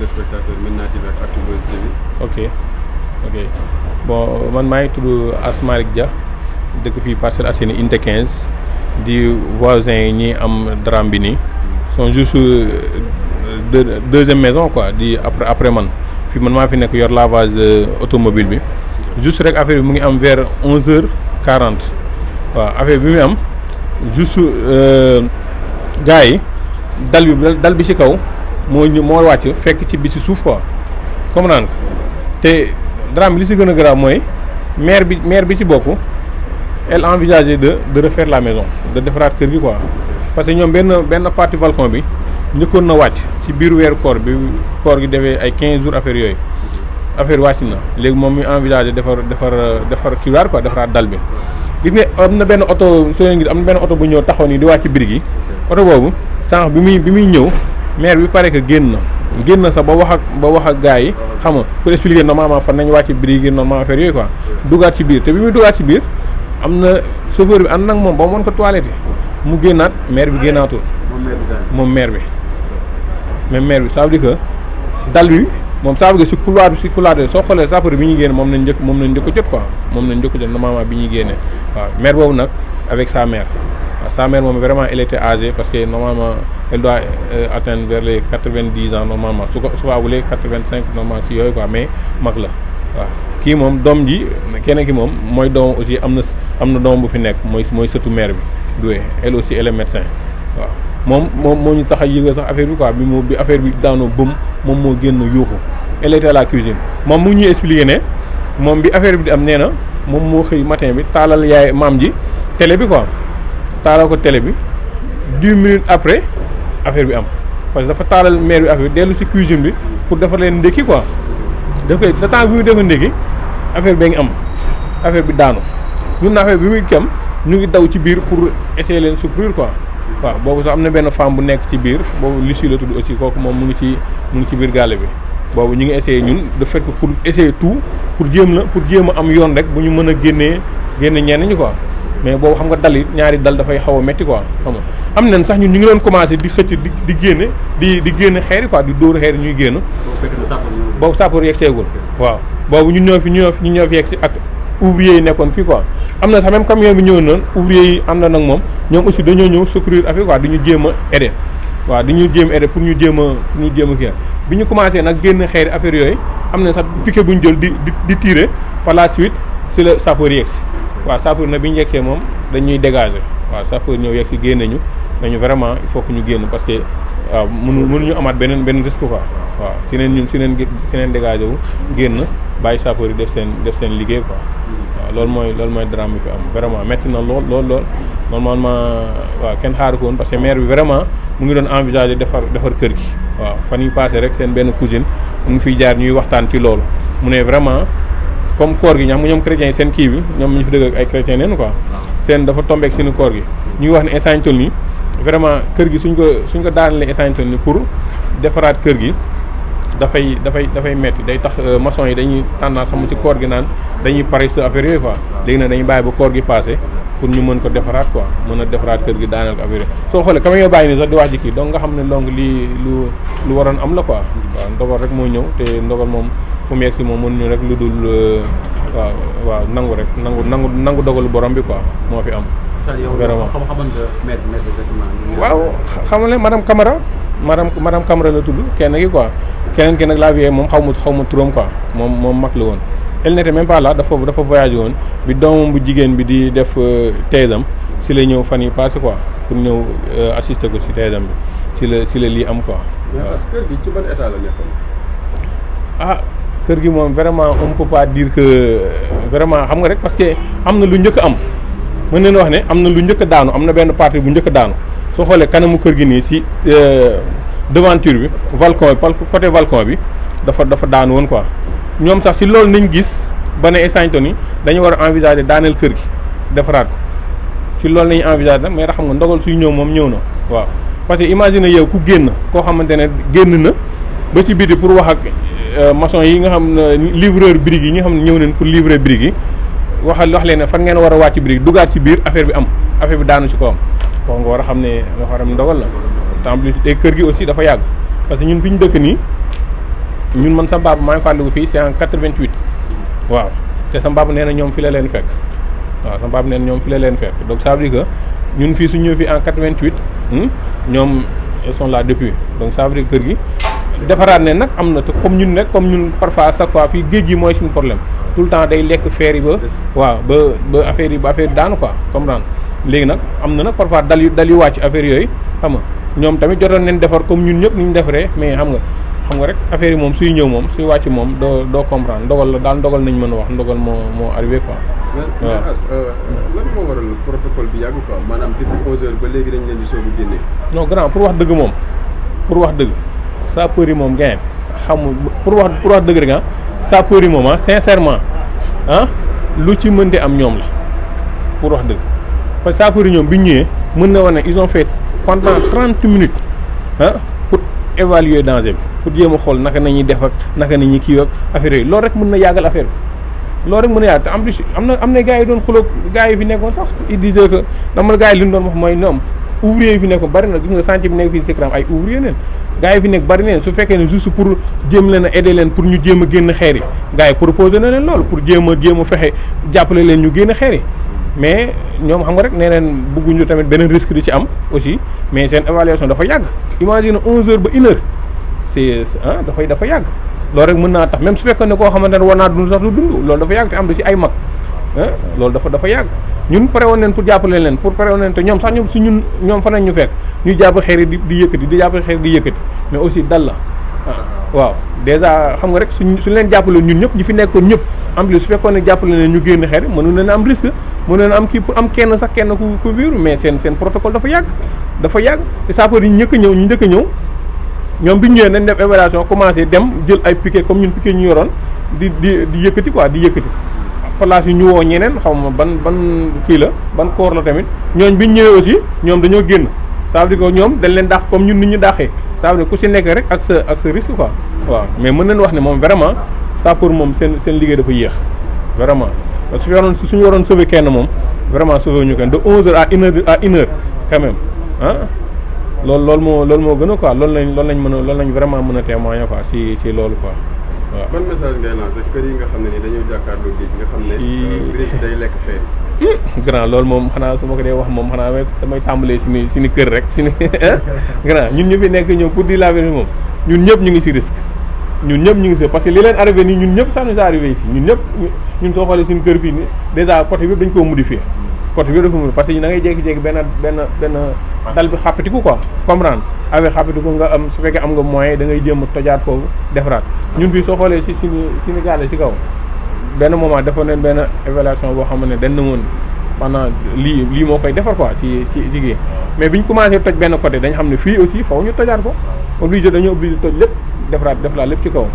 téléspectateur Médina TV ak Actubuzz TV. ok ok man maa ngi tudd Asmalik Dia dëkk fii Parcelles Assainies unité 15 di voisin yi ñi am drame bi nii sont juste euh, deux deuxième maison quoi di après après man fi man maa fi nekk yor lavage euh, automobile bi just rek affaire bi mu ngi am vers onze heures quarante waaw affaire bi mu am juste euh, gars yi dal bi dal bi ci kaw. moo ñu moo wàcc fekk ci bi ci suuf quoi comme naan te drame bi li si gën a grave mooy maire bi maire bi ci bokk elle envisageait de de refaire la defaraat kër gi quoi parce que ñoom benn benn partie balcon bi njëkkoon na wàcc ci biir weeru koor bi koor gi defee ay 15 jours affaire yooyu affaire wàcc na léegi moom mi envisagé defar defar defar kiiwaar quoi defaraat dal bi. gis nga am na benn oto soo gis am na benn oto bu ñëw taxaw nii di wàcc biir gi oto boobu sànq bi muy bi muy ñëw. maire bi pare que génn na génn na sax ba wax ak ba wax ak gars yi xam nga pour expliquer normalement fan nañ wàcc bi yi génn normalement affaire yooyu quoi dugaat ci biir te bi muy dugaat ci biir am na chauffeur bi ànd na moom ba mu mën ko toilette mu génnaat maire bi génnaatul moom maire bi même maire bi ça veut dire dal bi moom ça veut dire si couloir bi si couloir bi soo xoolee sapeur bi ñuy génn moom nañ njëkk moom nañ njëkk jot quoi moom nañ njëkk jot normalement bi ñuy génnee waaw maire boobu nag avec sa mère sa mère moom vraiment elle était âgée parce que normalement elle doit euh, atteindre vers les quatre-vingt-dix ans normalement su ko su ko awulee quatre-vingt-cinq normalement si yooyu quoi mais mag la waaw kii moom doom ji keneen ki moom mooy doom aussi am na am na doom bu fi nekk mooy mooy sëtu mère bi duwee elle aussi elle est médecin waaw moom moom moo ñu tax a yëgal sax affaire bi quoi bi mu bi affaire bi daanoo bëm moom moo génn yuuxu elle était à la cuisine moom mu ñu expliqué ne moom bi affaire bi di am nee na moom moo xëy matin bi taalal yaay maam ji télé bi quoi taalal ko télé bi dix minutes après affaire bi am parce que dafa taalal maire bi affaire bi dellu si cuisine bi pour defar leen ndékki quoi daf koy le temps bi muy defar ndékki affaire bi ngi am affaire bi daanu ñun affaire bi muy kam ñu ngi daw ci biir pour essayer leen souffrir quoi waaw boobu sax am na benn femme bu nekk ci biir boobu Lucie la tudd aussi kooku moom mu ngi ci mu ngi ci biir gàlle bi boobu ñu ngi essayer ñun de fait pour essayer tout pour jéem la pour jéem a am yoon rek bu ñu mën a génnee génne ñenn ñi quoi mais boobu xam nga dal yi ñaari dal dafay xaw a métti am na sax ñun ñu ngi doon commencé di xëcc di di génne di di génne xeer yi quoi di dóor xeer ñuy génn. boobu sapeur yegg waaw boobu ñun ñoo fi ñu ñu ñoo fi si ak ouvrier yi nekkoon fii quoi am na sax même camion bi ñëw noonu ouvrier yi am na nag moom ñoom aussi dañoo ñëw secourir affaire waa di ñu jéem a aider waaw di ñu jéem a pour ñu jéem a pour ñu jéem a kii bi ñu commencé nag génn xeer affaire yooyu am na sax piquet bu ñu jël di di tirer par la suite si la sapeur yegg si waaw sapeur na bi ñu yeggsee moom dañuy dégager waaw sapeur ñëw yegg si génn ñu nañu vraiment il faut que ñu génn parce que waaw mënu mënuñu amaat beneen beneen risque quoi waaw si neen si neen si neen dégagé génn bàyyi sapeur yi def seen def seen liggéey quoi waaw loolu mooy loolu mooy drame bi fi am vraiment métti na lool lool lool normalement waaw kenn xaaru koon woon parce que maire bi vraiment mu ngi doon envisager defar defar kër gi waaw fan yi passé rek seen benn cousine mu ngi fiy jaar ñuy waxtaan ci loolu vraiment comme koor gi ñax mu ñoom chrétiens yi seen kii bi ñoom ñu fi dëgg ak ay chrétiens neen quoi seen dafa tombeek seeni koor gi ñuy wax ne instant toll nii vraiment kër gi suñ ko suñ ko daanalee instant ni nii pour defaraat kër gi dafay dafay dafay metti day tax euh, maçon yi dañuy tendance xam ci koor gi naan dañuy pare sa affaire yooyu quoi léegi nag dañuy bàyyi ba koor gi passé pour ñu mën ko defaraat quoi mën a defaraat kër gi daaneel ko affaire soo xoolee camion bàyyi nii sax di wax ji kii donc nga xam ne donc lii lu lu waroon am la quoi waaw ndogal rek moo ñëw te ndogal moom fu mu yegg si moom mënuñu rek lu dul waaw waaw nangu rek nangu nangu nangu dogalu borom bi quoi moo fi am. vraiment waaw xam nga madame Camara. madame madame Camara la tudd kenn ki quoi keneen ki nag laa vieux moom xaw ma xaw ma turam quoi moom moom mag la woon. elle n'était même pas là dafa dafa voyagé woon bi doomam bu jigéen bi di def euh, teesam si la ñëw fan yi passé quoi pour ñëw euh, assister ko si teesam bi si la si la lii am quoi. parce que kër gi ci ban état la ah kër gi moom vraiment on peut pas dire que euh, vraiment xam nga rek parce que am na lu njëkk am mën nañu wax ne am na lu njëkk daanu am na benn partie bu njëkk daanu. soo xoolee kanamu kër gi nii si euh, devanture bi balcon bi côté balcon bi dafa dafa daan woon quoi ñoom sax si lool nañ gis ba ne essanton yi dañu war a envisager daaneel kër gi defaraat ko ci loolu nañu envisager nag mais xam nga ndogal suy ñëw moom ñëw na waaw parce que imagine yow ku génn koo xamante ne génn na ba ci biti pour wax ak euh, maçon yi nga xam ne livreur brique yi nga xam ne ñëw nañ pour livrer brique yi waxal wax leen ne fan ngeen war a wàcc brique dugaat ci biir bi am affaire bi daanu ci ko am kooku nga war a xam ne Muharram ndogal la en te kër gi aussi dafa yàgg parce que ñun fi ñu dëkk nii ñun man sa baab maa ngi fàttaliku fii c'est en 88 waaw te sa baab nee ñoom fi la leen fekk waaw sa baab nee na ñoom fi la leen fekk donc ça veut su ñëw fii en 88 hmm, ñoom ils sont là depuis donc kër gi defaraat ne nag am na te comme ñun rek comme ñun parfois chaque fois fii géej gi mooy suñu problème tout le temps day lekk feer yi ba waaw ba ba affaire yi ba affaire daanu quoi comprendre léegi nag am na nag parfois dal yu dal yu wàcc affaire yooyu xam nga ñoom tamit jotoon nañ defar comme ñun ñëpp ni ñu defaree mais xam nga xam nga rek affaire yi moom suy ñëw moom suy wàcc moom doo doo comprendre ndogal la daal ndogal nañ mën a wax ndogal moo moo arrivé quoi. waaw euh, lan moo waral protocole bi yàgg quoi maanaam depuis 11 heures ba léegi dañ leen di soog a génnee. non grand pour wax dëgg moom pour wax dëgg sapeurs yi moom gain xamul pour wax pour wax dëgg rek ah sapeurs yi moom ah sincèrement ah lu ci mën di am ñoom la pour wax dëgg. parce que sapeurs yi ñoom bi ñu ñëwee mën na wax ne ils ont fait pendant trente minutes ah pour évaluer danger bi pour jéem a xool naka nañuy def ak naka nañuy kii ak affaire yooyu loolu rek mën na yàggal affaire bi loolu rek mën na yàgg te en plus am na am na gars yi doon xulóog gars yi fi nekkoon sax il disait dama gars yi doon wax mooy ñoom ouvrier yi fi nekkoon bari na gis nga chantier bi nekk fii Sicram ay ouvrier neen gars fi nekk bari neen su fekkee ne juste pour jéem leen a leen pour ñu jéem a génn xeer yi gars yi proposé na leen loolu pour jéem a jéem a jàppale leen ñu génn xeer yi mais ñoom xam nga rek nee neen bëgguñu tamit beneen risque di ci am aussi mais seen évaluation dafa yàgg imagine onze heures ba une heure c'est dafa yàgg loolu rek mën naa tax même su fekkee ne koo xamante ne war naa sax du dund loolu dafa yàgg te am da si ay mag ah loolu dafa dafa yàgg ñun pare woon leen pour jàppale leen pour pare woon leen te ñoom sax ñoom su ñun ñoom fa nañ ñu fekk ñuy jàpp xeer yi di di yëkkati di jàpp xeer di yëkkati mais aussi dal la waaw dèjà xam nga rek suñ su leen jàppale ñun ñëpp ñu fi nekkoon ñëpp en plus su fekkoon ne jàppale ne ñu génn xeer mënu leen am risque mënu leen am kii pour am kenn sax kenn ku ku wéeru mais seen seen protocole dafa yàgg dafa yàgg sapeur yi njëkk a ñëw ñu njëkk a ñëw ñoom bi ñu ñëwee nañ def évaluation commencé dem jël ay piquet comme ñun ñu yoroon di di di yëkkati di yëkkati place yi ñu woo ñeneen xaw ma ban ban kii la ban koor la tamit ñooñ bi ñu ñëwee aussi ñoom dañoo génn ça veut dire ñoom dañ leen dàq comme ñun nit ñu dàqee ça veut ku si nekk rek ak sa ak sa risque quoi waaw mais mën nañu wax ne moom vraiment ça pour moom seen seen liggéey dafa yéex vraiment parce que waroon suñu waroon sauver kenn moom vraiment sauver ñu kenn de onze heures à une heure à une heure quand même moo loolu moo gën a quoi loolu lañ loolu lañ mën a loolu lañ vraiment mën a témoigner quoi si si loolu quoi waaw ban message ngay lancé kër yi nga xam ne nii dañoo jàkkaarloo géej nga xam ne brise euh, lekk fee loolu moom xanaa su ma ko dee wax moom xanaa damay tàmbalee suñu suñu kër rek suñu grand ñun ñu nekk ñëw pour di la moom ñun ñëpp ñu ngi si risque ñun ñëpp ñu ngi si parce que leen arrivé nii ñun ñëpp ça nous est arrivé ici ñëpp ñun soo suñu kër fii ni côté bi dañ koo modifié côté bi defumul parce que da ngay jékki-jékki benn benn benn dal bi xàppatiku quoi comprendre avec xàppatiku nga am su fekkee am nga moyen da ngay jéem a tojaat foofu defaraat ñun fii soo xoolee si si suñu Sénégal si kaw benn moment defoon nañ benn évaluation boo xam ne dañ na woon maanaam lii lii moo koy defar quoi ci ci jigéen mais bi ñu commencé toj benn côté dañu xam ne fii aussi faw ñu tojaat ko obligé dañoo obligé toj lépp defaraat defaraat lépp ci kaw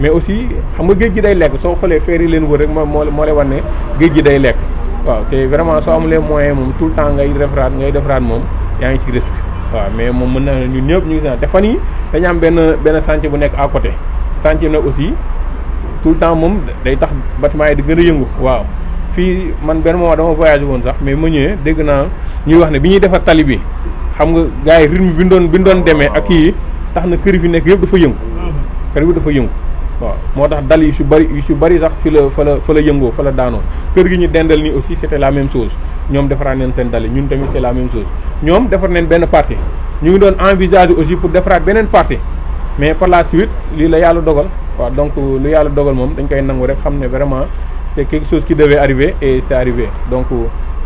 mais aussi xam nga géej gi day lekk soo xoolee feer leen wër rek moo moo moo wan ne géej gi day lekk waaw te vraiment soo amulee moyen moom tout le temps ngay defaraat ngay defaraat moom yaa ngi ci risque waaw mais moom mën na ñun ñëpp ñu ngi te fan yi dañu am benn benn chantier bu nekk à côté chantier nag aussi tout le temps moom day tax bâtiment yi di gën a yëngu waaw fii man benn moment dama voyagé woon sax mais ma dégg naa ñuy wax ne bi ñuy defar tali bi xam nga gars yi rythme bi doon bi doon demee ak kii tax na kër fi nekk yëpp dafa yëngu mm-hmm. kër bi dafa yëngu waaw moo tax dal yu si bëri yu si bëri sax fi la fa la fa la yëngoo fa la daanoo kër gi ñu dendal nii aussi c'était la même chose ñoom defaraat neen seen dal ñun tamit c'est la même chose ñoom defar neen benn partie ñu ngi doon envisager aussi pour defaraat beneen partie mais par la suite lii la yàlla dogal waaw donc lu yàlla dogal moom dañ koy nangu rek xam ne vraiment c'est quelque chose qui devait arriver et c'est arrivé donc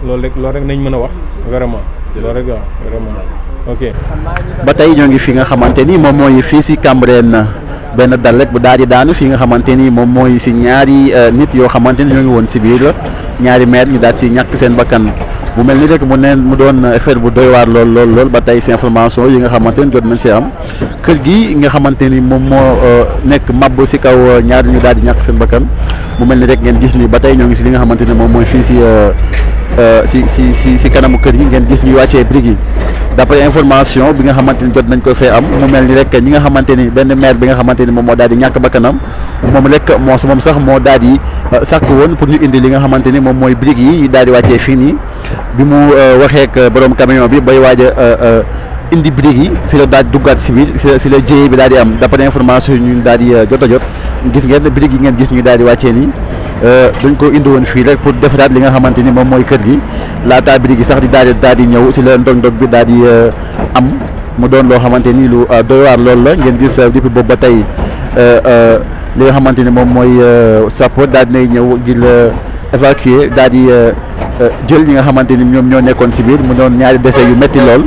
loolu rek loolu rek nañ mën a wax vraiment loolu rek vraiment ok. ba tey ñoo ngi fi nga xamante ni moom mooy fii si na benn dal rek bu daal di daanu fii nga xamante ni moom mooy si ñaari euh, nit yoo xamante ni ñoo ngi woon si biir ñaari meer ñu daal si ñàkk seen bakkan mu mel ni rek mu neen mu doon affaire bu doy waar lool lool ba tey si yi nga xamante ni jot nañ si am kër gi nga xamante ni moom moo euh, nekk màbb si kaw euh, ñaari ñu daal di ñàkk seen bakkan mu mel ni rek ngeen gis ni ba tey ñoo ngi si li nga xamante ni moom mooy fii si. Euh, si si si si kanamu kër yi ngeen gis ñuy wàccee briques yi d'après information bi nga xamante ni jot nañ ko fee am mu mel ni rek ñi nga xamante ni benn maire bi nga xamante ni moom moo daal di ñàkk bakkanam moom rek moo moom sax moo daal di euh, sàkk woon pour ñu indi li nga xamante ni moom mooy briques yi daal di wàccee fii nii bi mu euh, waxee ak borom camion bi bay waaj indi briques yi si la daal duggaat si biir si la si bi daal di am d'après information yi ñu daal di euh, jot a gis ngeen ne briques yi ngeen gis ñu daal di wàccee nii euh, dañ ko indi woon fii rek pour defaraat li nga xamante ni moom mooy kër gi laataa briques yi sax di daal di daal di ñëw si la ndog-ndog bi daal di euh, am mu doon loo xamante ni lu doy waar loolu la ngeen gis depuis boobu ba tey li nga xamante ni moom mooy sapeur daal di nay ñëw ngir évacuer daal di jël ñi nga xamante ni ñoom ñoo nekkoon si biir mu doon ñaari décès yu métti lool.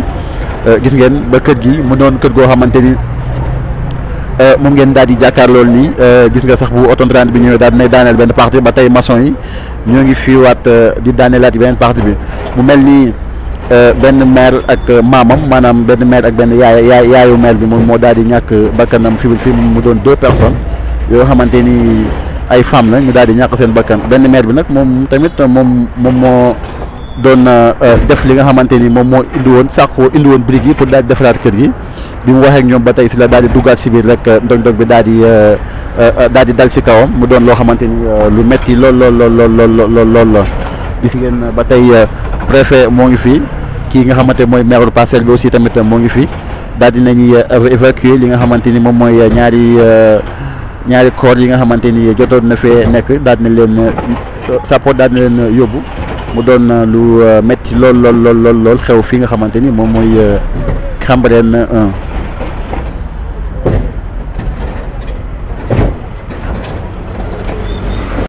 Euh, gis ngeen ba kër gi mu doon kër goo xamante ni euh, moom ngeen daal di jàkkaar lool nii euh, gis nga sax bu autontran bi ñëwee daal dinay daaneel benn partie ba tey maçon yi ñoo ngi fiiwaat di daaneelaat yi beneen partie bi mu mel nii benn maire ak maamam maanaam benn maire ak benn yaay yaay yaayu maire bi moom moo daal di ñàkk bakkanam fi fi mu doon deux personnes yoo xamante ni ay femmes la ñu daal di ñàkk seen bakkan benn maire bi nag moom tamit moom moom moo doon euh, def li nga xamante ni moom moo indi woon sàqoo indi woon briques yi pour daal di defaraat kër gi bi mu waxee ak ñoom ba tey si la daal di duggaat si biir rek euh, ndog-ndog bi daal di euh, daal di dal si kawam mu doon loo xamante ni lu metti lool lool lool lool lool lool la gis ngeen ba tey préfet moo ngi fii kii nga xamante mooy maire parcelle bi aussi tamit moo ngi fii daal di nañu évacuer li nga xamante ni moom mooy ñaari ñaari corps yi nga xamante ni jotoon na fee nekk daal di na leen sappo daal di na leen yóbbu. mu doon euh, lu euh, metti lool lool lool lool xew fi nga xamante ni moom mooy euh, Cambérène 1